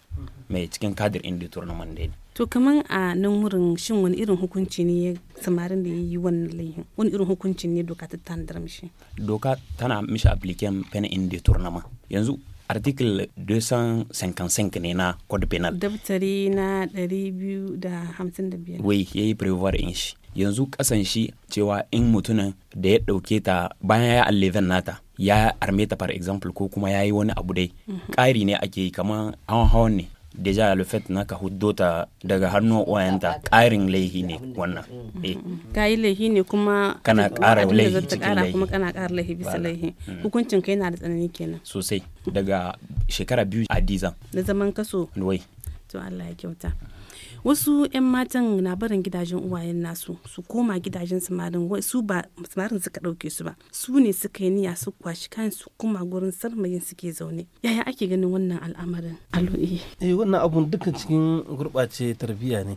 mai cikin kadir in da tournament ne to kaman a nan wurin shin wani irin hukunci ne ya samarin da ya yi wannan layin wani irin hukunci ne doka ta tana mishi doka tana mishi application pen in da tournament yanzu article 255 ne na code penal daftari na 255 wai ya yi prevoir in shi yanzu kasan shi cewa in mutumin da ya ɗauke ta bayan ya alleven nata ya armeta ta for example ko kuma ya yi wani abu dai mhm. ƙari ne ake yi kamar hawan hawan ne deja le fait na ka huddo ta daga hannu oyanta ƙarin laihi ne wannan mm. eh. ka yi laihi ne kuma kana ƙara laihi cikin laihi kuma kana ƙara laihi bisa laihi mm. hukuncin kai na da tsanani kenan sosai daga shekara biyu a dizan da zaman kaso wai to Allah ya kyauta wasu 'yan matan na barin gidajen uwayen nasu su koma gidajen samarin su ba samarin suka ɗauke su ba su ne suka yi niyya su kwashi kan su kuma gurin sarmayin suke zaune yaya ake ganin wannan al'amarin alo'i eh wannan abun dukkan cikin gurɓace tarbiyya ne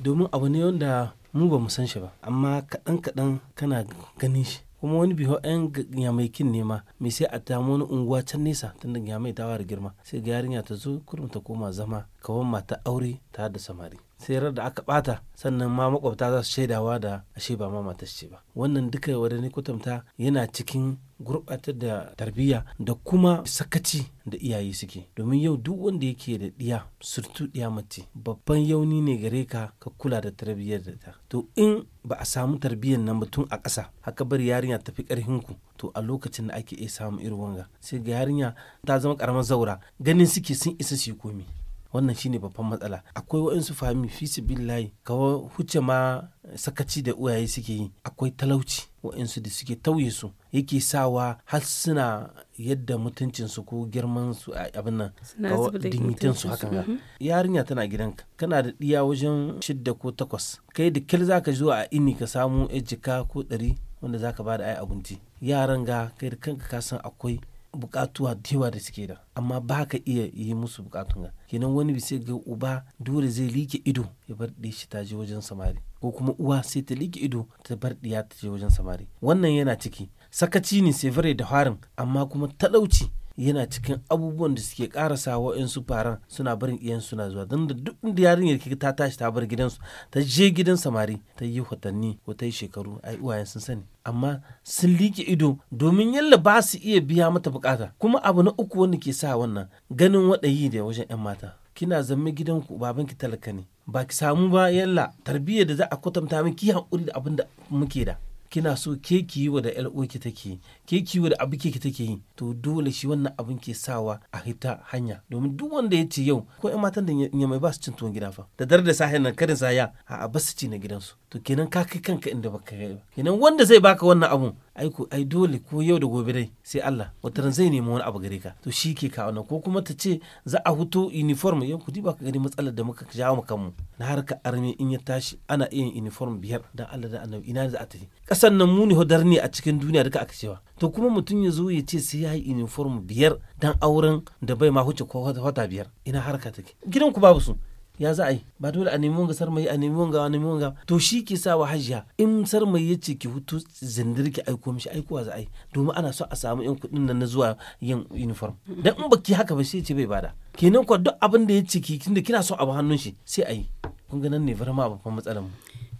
domin abu ne wanda mu ba mu san shi ba amma kaɗan kaɗan kana ganin shi kuma wani biho yan yamaikin ne ma me sai a damu wani unguwa can nesa da yamai ta da girma sai ga yarinya ta zo kurum ta koma zama kawan mata aure ta da samari sai da aka bata sannan ma makwabta za su shaidawa da ashe ba ma matar ce ba wannan duka wadda ni kwatanta yana cikin gurɓatar da tarbiyya da kuma sakaci da iyaye suke domin yau duk wanda yake da ɗiya surtu ɗiya mace babban yauni ne gare ka ka kula da tarbiyyar da ta to in ba a samu tarbiyyar nan ba tun a ƙasa haka bari yarinya tafi ƙarhin ku to a lokacin da ake iya samun irin wanga sai ga yarinya ta zama ƙaramar zaura ganin suke sun isa su yi komi wannan shine babban matsala akwai wa'insu fami fi billahi kawo huce ma sakaci da uwaye suke yi akwai talauci wa'insu da suke tauye su yake sawa har suna yadda mutuncinsu ko girman su abin nan kawo dignitin su hakan mhm. yarinya tana gidanka kana da ɗiya wajen shidda ko takwas kai da kil zaka zuwa a ini ka samu ejika ko ɗari wanda zaka bada ai abinci yaran ga kai da kanka ka san akwai bukatuwa da yawa da suke da amma ba ka iya yi musu bukatun ga kenan wani bisa ga uba dole zai like ido ya bar ɗaya shi ta je wajen samari ko kuma uwa sai ta like ido ta bar ɗiya ta je wajen samari wannan yana ciki sakaci ne sai da harin amma kuma talauci yana cikin abubuwan da suke karasa su faran suna barin iyansu suna zuwa don da duk da yarinyar ki ta tashi ta bar gidansu ta je gidan samari ta yi watanni ko ta yi shekaru ai uwayen sun sani amma sun liƙe ido domin yalla ba su iya biya mata bukata kuma abu na uku wanda ke sa wannan ganin waɗayi da wajen 'yan mata kina zamme gidanku babanki talaka ne ba ki samu ba yalla tarbiyyar da za a kwatanta miki hankuri da abin da muke da kina so ke ki yi wa da LO ki take ke ki yi wa da abu ke ki take yi to dole shi wannan abin ke sawa a hita hanya domin duk wanda ya ce yau ko ƴan matan da ya mai ba su cin tuwon gida fa da dare da sahen nan karin ya a ba su ci na gidansu to kenan ka kai kanka inda baka kai ba kenan wanda zai baka wannan abun aiko ai dole ko yau da gobe dai sai Allah wata ran zai nemi wani abu gare ka to shi ke kawo na ko kuma ta ce za a huto uniform yau ku ba ka gani matsalar da muka jawo kanmu na harka armi in ya tashi ana iya uniform biyar dan Allah da annabi ina za a tafi kasan nan muni hodar ne a cikin duniya duka aka cewa to kuma mutum ya zo ya ce sai ya yi uniform biyar dan auren da bai ma huce ko wata biyar ina harka take gidan ku babu su ya za a yi ba dole a nemi wanga sarmai a nemi wanga a nemi wanga to shi ke sa wa hajiya in sarmai ya ce ki hutu zindir ki aiko mishi aikowa za a yi domin ana so a samu yan kuɗin nan na zuwa yin uniform dan in baki haka ba sai ce bai bada kenan kwa duk abin da ya ce ki tunda kina so a abu hannun shi sai a yi kun ga nan ne ma babban matsalar mu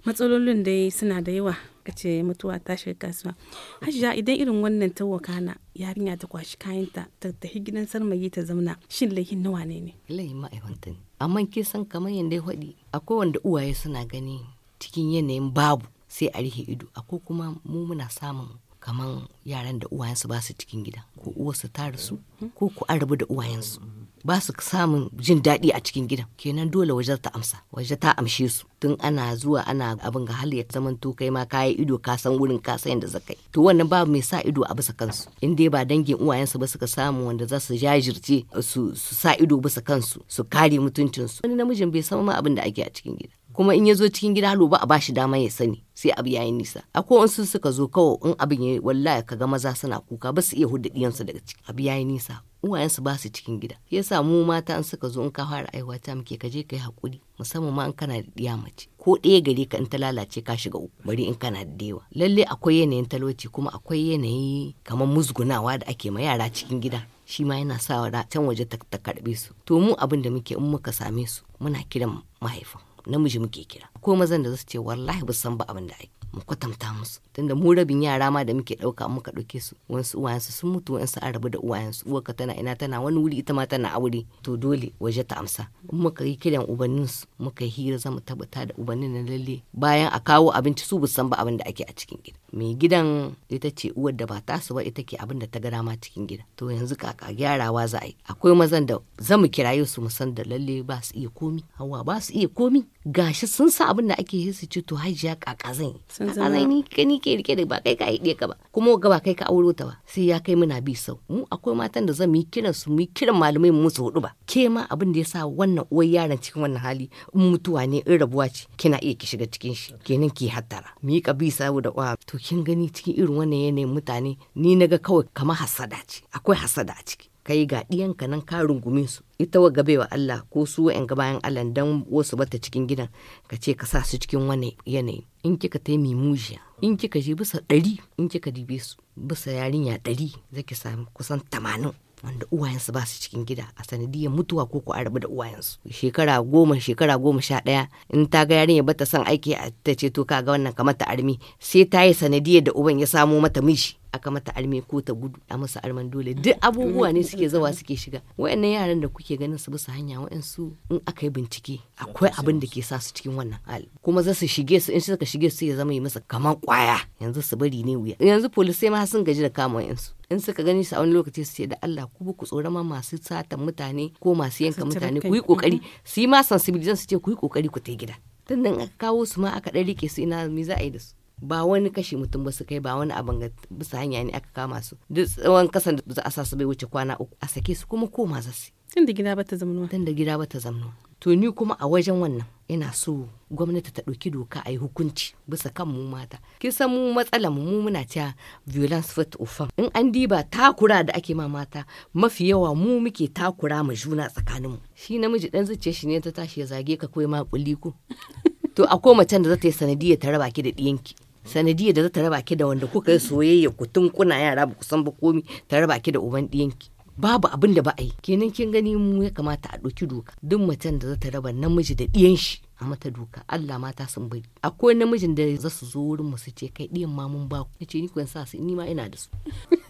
matsalolin dai suna da yawa ka kace mutuwa ta shiga kasuwa hajiya idan irin wannan ta wakana yarinya ta kwashi kayanta ta tafi gidan sarmayi ta zauna shin laihin nawa ne ne laihin ma'aikanta ne amma ke san kamar yadda ya faɗi akwai wanda uwaye suna gani cikin yanayin babu sai a rihe ido akwai kuma mu muna samun kamar yaran da uwayensu ba su cikin gida ko uwarsu ta rasu ko ku an rabu da uwayensu ba su samun jin daɗi a cikin gidan kenan dole waje ta amsa waje ta amshe su tun ana zuwa ana abin ga hali ya zaman to kai ma kayi ido ka san wurin ka san yadda zakai to wannan babu mai sa ido a bisa kansu in dai ba dangin uwayensu ba suka samu wanda za su jajirce su sa ido bisa kansu su kare mutuncinsu wani namijin bai san ma abin da ake a cikin gida kuma in ya zo cikin gida halo ba a bashi dama ya sani sai abu yayi nisa akwai wasu suka zo kawai in abin ya yi wallahi kaga maza suna kuka ba su iya hudu diyansu daga ciki abu yayi nisa uwayensu ba su cikin gida ya mu mata in suka zo in ka fara aiwa ta muke ka je ka yi hakuri musamman ma in kana da ɗiya mace ko ɗaya gare ka in ta lalace ka shiga uku bari in kana da dewa lalle akwai yanayin talauci kuma akwai yanayi kamar musgunawa da ake ma yara cikin gida shi ma yana sa can waje ta karbe su to mu abin da muke in muka same su muna kiran mahaifin namiji muke kira ko mazan da su ce wallahi ba san ba abin da ake mu kwatanta musu tunda mu rabin yara ma da muke dauka muka dauke su wasu uwayensu sun mutu wasu an rabu da uwayensu uwarka tana ina tana wani wuri ita ma tana aure to dole waje ta amsa in muka yi kiran ubannin su muka yi hira zamu tabbata da ubannin na lalle bayan a kawo abinci su bu san ba abin da ake a cikin gida mai gidan ita ce uwar da ba ta ba ita ke abin da ta gara ma cikin gida to yanzu kaka gyarawa za a yi akwai mazan da za mu kira su musan da lalle ba su iya komi hawa ba su iya komi gashi sun sa abin da ake su ce to hajiya kaka zan yi kaka zan ni ka ni ke rike da ba kai ka haɗe ka ba kuma ga ba kai ka auro ta ba sai ya kai muna bi sau mu akwai matan da zan mu yi kiran su mu yi kiran malamai mu musu hudu ba ke ma abin da ya sa wannan uwar yaran cikin wannan hali in mutuwa ne in rabuwa ce kina iya ki shiga cikin shi kenan ki hattara mu yi sau da uwa to kin gani cikin irin wannan yanayin mutane ni na ga kawai kamar hasada ce akwai hasada a ciki kai ga ɗiyanka nan ka rungume su ita wa wa Allah ko su wa'yan bayan Allah dan wasu bata cikin gidan ka ce ka sa su cikin wani yanayi in kika ta yi in kika je bisa ɗari in kika dibe su bisa yarinya ɗari zaki samu kusan tamanin wanda uwayensu ba su cikin gida a sanadiyar mutuwa ko ku a rabu da uwayensu shekara goma shekara goma sha ɗaya in ta ga yarinya bata son aiki a ta ce to ka ga wannan kamar ta armi sai ta yi sanadiyar da uban ya samo mata miji aka mata alme ko ta gudu a masa alman dole duk abubuwa ne suke zawa suke shiga wayannan yaran da kuke ganin su bisa hanya wayansu in aka yi bincike akwai abin da ke sa su cikin wannan hali kuma za su shige su in suka shige su ya zama yi masa kamar kwaya yanzu su bari ne wuya yanzu polisai ma sun gaji da kama wayansu in suka gani su a wani lokaci su ce da Allah ku ku tsora ma masu satan mutane ko masu yanka mutane ku yi kokari mm-hmm. su yi ma sensibilizan su ce ku yi kokari ku ta gida tun aka kawo su ma aka ɗan rike su ina me za a yi da su ba wani kashe mutum ba su kai ba wani abin ga bisa hanya ne aka kama su duk tsawon kasan da za a sa su bai wuce kwana uku a sake su kuma koma za su tun da gida ba ta tun da gida ba ta zamnuwa to ni kuma a wajen wannan ina so gwamnati ta ɗauki doka a yi hukunci bisa kan mu mata kin san mu matsala mu mu muna cewa violence fit ofan in an diba takura da ake ma mata mafi yawa mu muke takura mu juna tsakaninmu shi namiji dan zuciya shi ne ta tashi ya zage ka koyi ma kuliku to akwai macen da za ta yi sanadiyar ta raba ki da ɗiyanki sanadiyar da za ta raba ki da wanda kuka yi soyayya ku tunkuna yara ba ku san ba komi ta raba ki da uban ɗiyanki babu abin da ba a yi kenan kin gani mu ya kamata a ɗauki doka duk macen da za ta raba namiji da ɗiyan shi a mata doka Allah mata sun bari akwai namijin da za su zo wurin mu su ce kai ɗiyan ma mun ba ku ce ni kun sa su ni ma ina da su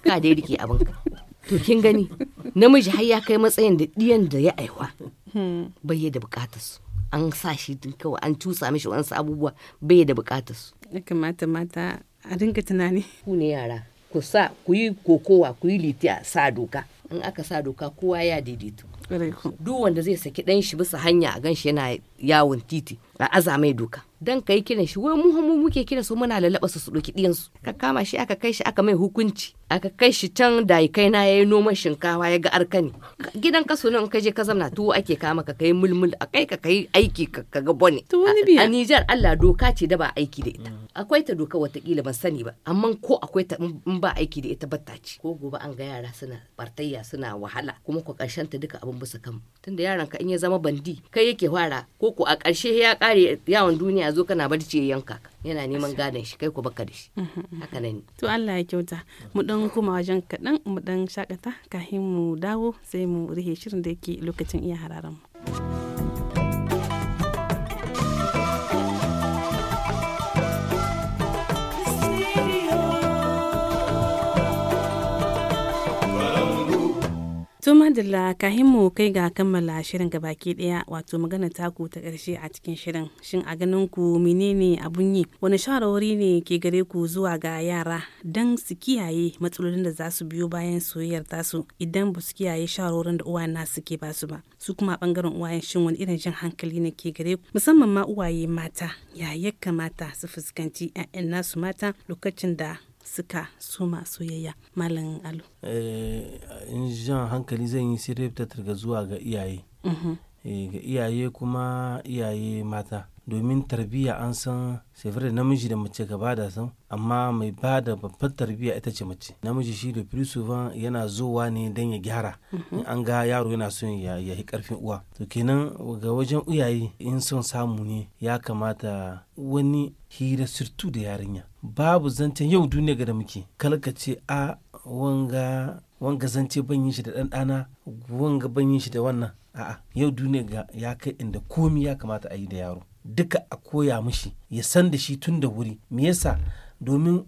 ka dai rike abin ka to kin gani namiji har ya kai matsayin da ɗiyan da ya aiwa hmm. bai da bukatar su an sa shi kawai an cusa mishi wani abubuwa bai da bukatar su ya kamata mata a dinka tunani ku ne yara ku sa ku yi kokowa ku yi litiya sa doka in aka sa doka kowa ya daidaito duk wanda zai saki ɗan shi bisa hanya a ganshi yana yawon titi a aza doka dan kai kiran shi wai mu mu muke kiran su muna lalaba su su doki su ka kama shi aka kai shi aka mai hukunci aka kai shi can da kai na yayi noman shinkawa ya ga arkani gidan kaso nan ka je ka zamna tuwo ake kama ka kai mulmul a kai ka kai aiki ka ga bone a Nijar Allah doka ce da ba aiki da ita akwai ta doka watakila ban sani ba amma ko akwai ta in ba aiki da ita batta ce ko gobe an ga yara suna bartayya suna wahala kuma ko karshen ta duka abin bisa kan tunda yaran ka in ya zama bandi kai yake fara ko uku a ƙarshe ya ƙare yawon duniya zo kana barci ya yanka yana neman gadon shi kai ku baka da shi mm, mm, mm. haka nan to Allah ya kyauta mu dan kuma wajen kaɗan mu dan shakata kafin mu dawo sai mu rihe shirin da yake lokacin iya hararan mu To madalla kahin mu kai ga kammala shirin baki daya wato magana taku ta karshe a cikin shirin. Shin a ganin ku menene abun yi? Wani shawarwari ne ke gare ku zuwa ga yara dan su kiyaye matsalolin da za su biyo bayan soyayyar tasu idan ba su kiyaye shawarwarin da uwayen nasu ke ba su ba. Su kuma bangaren uwayen shin wani irin jin hankali ne ke gare ku musamman ma uwaye mata ya ya kamata su fuskanci 'ya'yan nasu mata lokacin da suka suma soyayya malin alu eh, in jan hankali zan yi sai daga zuwa ga iyaye mhm. Eh, ga iyaye kuma iyaye mata domin tarbiyya an san sevira namiji da mace gaba da san amma mai ba da babbar tarbiyya ita ce mace namiji shi da filisuvan yana zowa ne don ya gyara mhm. in an ga yaro yana son ya yi karfin uwa to kenan ga wajen iyaye in son samu ne ya kamata wani hira sirtu da yarinya babu zancen yau duniya ga da muke kalkace a wanga wanga zance ban yin shi da ɗanɗana wanga ban yin shi da wannan a'a yau duniya ya kai inda komi ya kamata a yi da yaro duka a koya mishi ya san da shi tun da wuri me yasa domin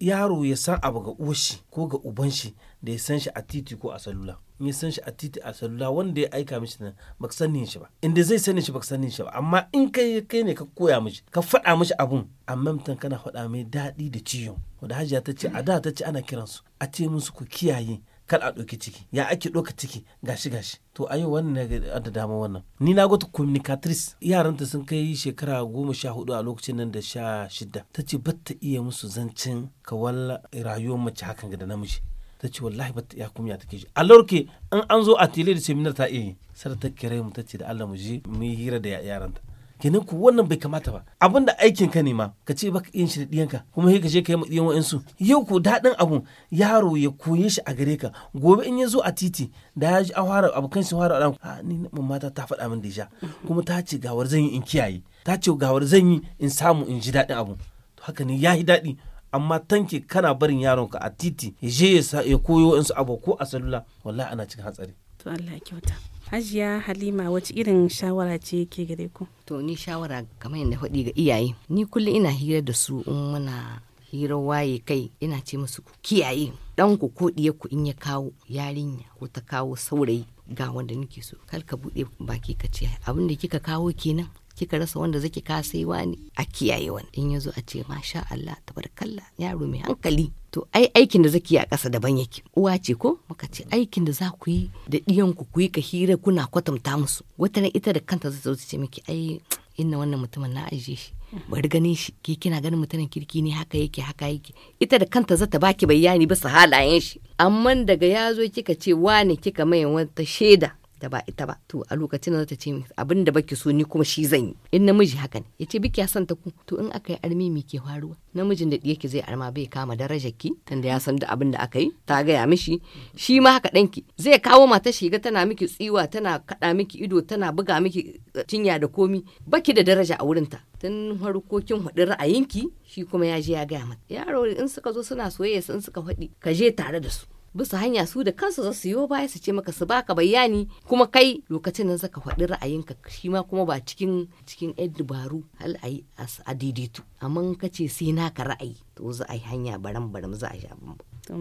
yaro ya san abu ga uwashi ko ga uban shi da ya san shi a titi ko a salula in ya san shi a titi a salula wanda ya aika mishi nan ba ka sanin shi ba inda zai sani shi baka shi ba amma in kai kai ne ka koya mishi ka faɗa mishi abun amma mutum kana faɗa mai daɗi da ciyon wanda hajiya ta ce a da ta ce ana kiransu a ce musu ku kiyaye kar a ɗauki ciki ya ake ɗauka ciki gashi gashi to ayo wannan ne da dama wannan ni na gwata communicatrice yaranta sun kai shekara goma sha hudu a lokacin nan da sha shida ta ce bata iya musu zancen kawal rayuwar mace hakan ga da namiji ta ce wallahi ba ta iya kumya take shi a in an zo a tele da seminar ta iya yi sai ta mu ta ce da Allah mu je mu yi hira da yaranta kenan ku wannan bai kamata ba abin da aikin ka ne ma ka ce baka yin shi da ɗiyanka kuma sai ka je ka yi ɗiyan wa'insu yau ku daɗin abun yaro ya koye shi a gare ka gobe in ya zo a titi da ya ji an fara kan shi fara a ah, ni mata ta faɗa min da ja kuma ta ce gawar zan yi in kiyaye ta ce gawar zan yi in samu in ji daɗin abu haka ne ya yi daɗi amma tanke kana barin yaronka a titi ya je ya koyo wa'insu abu ko a salula wallahi ana cikin hatsari. to Allah ya kyauta. ajiya halima wace irin shawara ce ke gare ku to ni shawara kamar yadda faɗi ga iyaye ni kullum ina hira da su in muna hira waye kai ina ce musu ku kiyaye ku ko ku in ya kawo yarinya ko ta kawo saurayi ga wanda nake so kar ka buɗe baki ka ce abin da kika kawo kenan kika rasa wanda zaki kasaiwa ne a kiyaye wani in yazo a ce masha Allah tabarakallah yaro mai hankali to ai aikin da zaki yi a ƙasa daban yake uwa ce ko muka ce aikin da za ku yi da ɗiyanku ku yi ka hira kuna kwatanta musu wata ita da kanta za ta ce miki ai inna wannan mutumin na ajiye shi bari ganin shi ke kina ganin mutumin kirki ne haka yake haka yake ita da kanta zata baki bayani su halayen shi amma daga ya zo kika ce wane kika mai wata shaida ta ba ita ba to a lokacin nan ta ce abin da baki so ni kuma shi zan yi in namiji haka ne yace biki ya san ta ku to in aka yi armi me ke faruwa namijin da diyake zai arma bai kama darajar ki tunda ya san da abin da aka yi ta gaya mishi shi ma haka danki zai kawo mata shiga tana miki tsiwa tana kada miki ido tana buga miki eh, cinya da komi baki da daraja a wurinta tun harkokin kin ra'ayin ra'ayinki shi kuma ya je ya gaya mata yaro in suka zo suna soyayya in suka faɗi ka je tare da su bisa hanya su da kansu za su yi baya su ce maka su baka bayani kuma kai lokacin nan zaka faɗi ra'ayinka shi ma kuma ba cikin cikin yan dubaru hal a daidaitu amma in ka ce sai naka ra'ayi to za a yi hanya baram baram za a sha bamba. to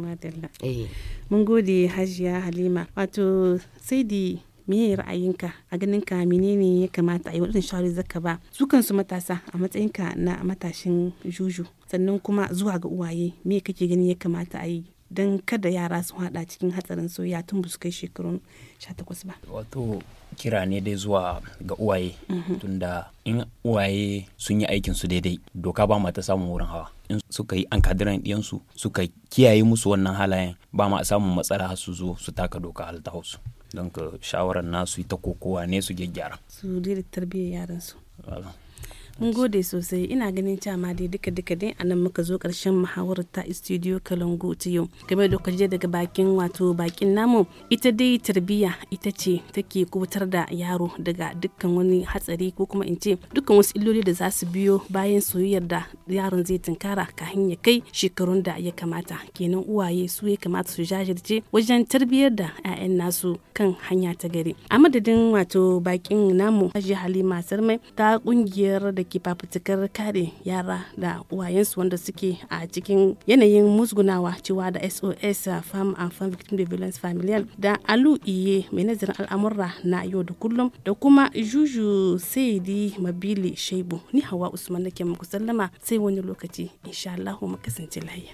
eh. mun gode hajiya halima wato sai di meye ra'ayinka a ganin ka menene ya kamata a yi wadannan shawari zaka ba su kansu matasa a matsayinka na matashin juju sannan kuma zuwa ga uwaye me kake ganin ya kamata a yi don kada yara sun hada cikin hatsarin soyayya tun ba su kai shekarun 18 ba. Wato kira ne dai zuwa ga uwaye mhm. tunda in uwaye sun yi aikin su daidai doka ba ma ta samun wurin hawa in suka yi an kadiran ɗiyansu suka kiyaye musu wannan halayen ba ma samun matsala su zo su taka doka halitta hausu don ka shawarar nasu ta kokowa ne su gyaggyara. Su da tarbiyyar yaran mun gode sosai ina ganin cama dai duka duka dai anan muka zo karshen muhawarar ta studio kalangu ta yau game da kaje daga bakin wato bakin namu ita dai tarbiyya ita ce take kubutar da yaro daga dukkan wani hatsari ko kuma in ce dukkan wasu illoli da za su biyo bayan soyayyar da yaron zai tunkara kafin ya kai shekarun da ya kamata kenan uwaye su ya kamata su jajirce wajen tarbiyyar da 'ya'yan nasu kan hanya ta gari a madadin wato bakin namu Haji halima sarmai ta kungiyar da ke fafutukar kare yara da uwayensu wanda suke a cikin yanayin musgunawa cewa da sos uh, farm and farm victim violence familial da alu iye mai nazarin al'amurra na yau da kullum da kuma juju saidi mabili shaibu ni hawa usman nake muku sallama sai wani lokaci insha allahu mu kasance lahiya